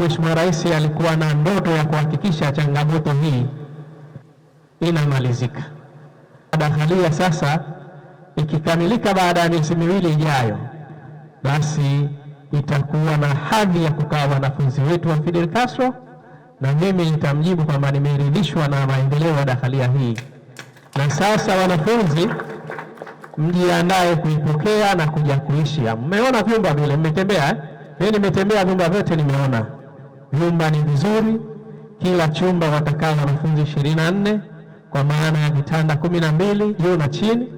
Mheshimiwa Rais alikuwa na ndoto ya kuhakikisha changamoto hii inamalizika. Dahalia sasa ikikamilika baada ya miezi miwili ijayo, basi itakuwa na hadhi ya kukaa wanafunzi wetu wa Fidel Castro, na mimi nitamjibu kwamba nimeridhishwa na maendeleo ya dahalia hii, na sasa wanafunzi mjiandae kuipokea na kuja kuishi. Mmeona vyumba vile, mmetembea eh? Mimi nimetembea vyumba vyote nimeona vyumba ni vizuri, kila chumba watakaa wanafunzi ishirini na nne kwa maana ya vitanda kumi na mbili juu na chini.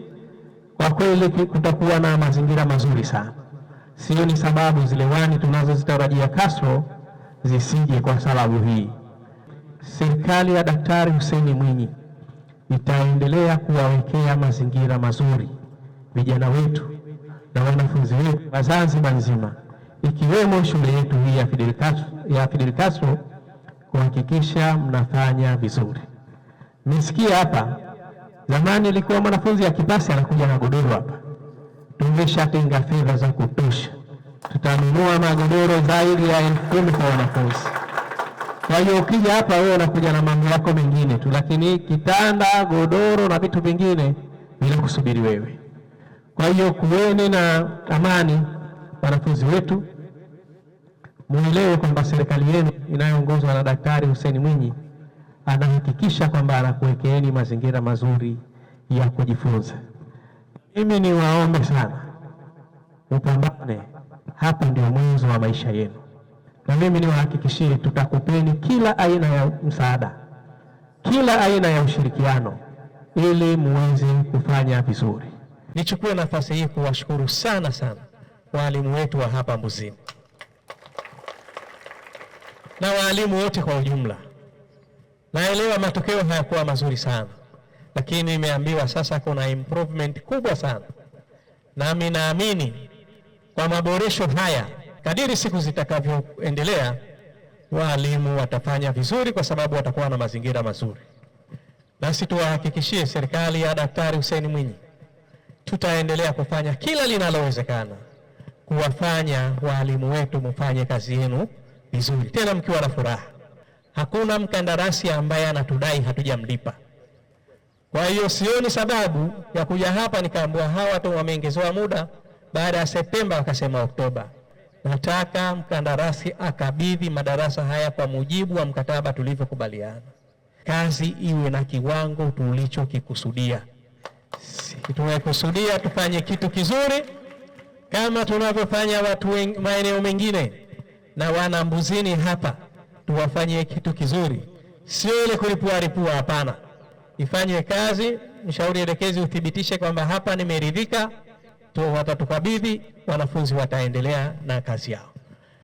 Kwa kweli kutakuwa na mazingira mazuri sana. sio ni sababu zile wani tunazozitarajia Castro zisije kwa sababu hii. Serikali ya Daktari Hussein Mwinyi itaendelea kuwawekea mazingira mazuri vijana wetu na wanafunzi wetu wa Zanzibar nzima ikiwemo shule yetu hii ya Fidel Castro kuhakikisha mnafanya vizuri. Nisikia hapa, zamani ilikuwa mwanafunzi akipasi anakuja na godoro hapa. Tumeshatenga fedha za kutosha, tutanunua magodoro zaidi ya elfu kumi kwa wanafunzi. Kwa hiyo ukija hapa wewe unakuja na mambo yako mengine tu, lakini kitanda, godoro na vitu vingine vinakusubiri wewe. Kwa hiyo kuweni na amani wanafunzi wetu muelewe kwamba serikali yenu inayoongozwa na Daktari Hussein Mwinyi anahakikisha kwamba anakuwekeeni mazingira mazuri ya kujifunza. Mimi niwaombe sana upambane, hapa ndio mwanzo wa maisha yenu, na mimi niwahakikishie, tutakupeni kila aina ya msaada, kila aina ya ushirikiano ili muweze kufanya vizuri. Nichukue nafasi hii kuwashukuru sana sana walimu wetu wa hapa Mbuzini na waalimu wote kwa ujumla. Naelewa matokeo hayakuwa mazuri sana, lakini nimeambiwa sasa kuna improvement kubwa sana, nami naamini kwa maboresho haya kadiri siku zitakavyoendelea waalimu watafanya vizuri, kwa sababu watakuwa na mazingira mazuri. Nasi tuwahakikishie serikali ya Daktari Hussein Mwinyi, tutaendelea kufanya kila linalowezekana kuwafanya waalimu wetu mfanye kazi yenu vizuri, tena mkiwa na furaha. Hakuna mkandarasi ambaye anatudai hatujamlipa. Kwa hiyo sioni sababu ya kuja hapa nikaambua hawa tu wameengezewa muda, baada ya Septemba wakasema Oktoba. Nataka mkandarasi akabidhi madarasa haya kwa mujibu wa mkataba tulivyokubaliana. Kazi iwe na kiwango tulichokikusudia. Tumekusudia tufanye kitu kizuri kama tunavyofanya watu maeneo mengine na wana Mbuzini hapa tuwafanyie kitu kizuri, sio ile kulipua ripua, hapana. Ifanywe kazi, mshauri elekezi uthibitishe kwamba hapa nimeridhika, watatukabidhi, wanafunzi wataendelea na kazi yao.